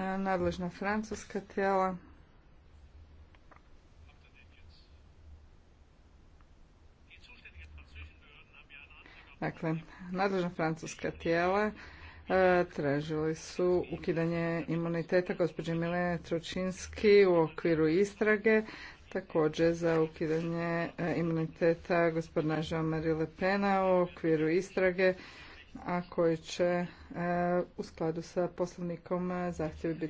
E, nadležna francuska tijela. Dakle, nadležna francuska tijela e, tražili su ukidanje imuniteta gospođe Milene Tručinski u okviru istrage, također za ukidanje e, imuniteta gospodina Jean-Marie Le Pena u okviru istrage a koji će e, u skladu sa poslovnikom e, zahtjevi biti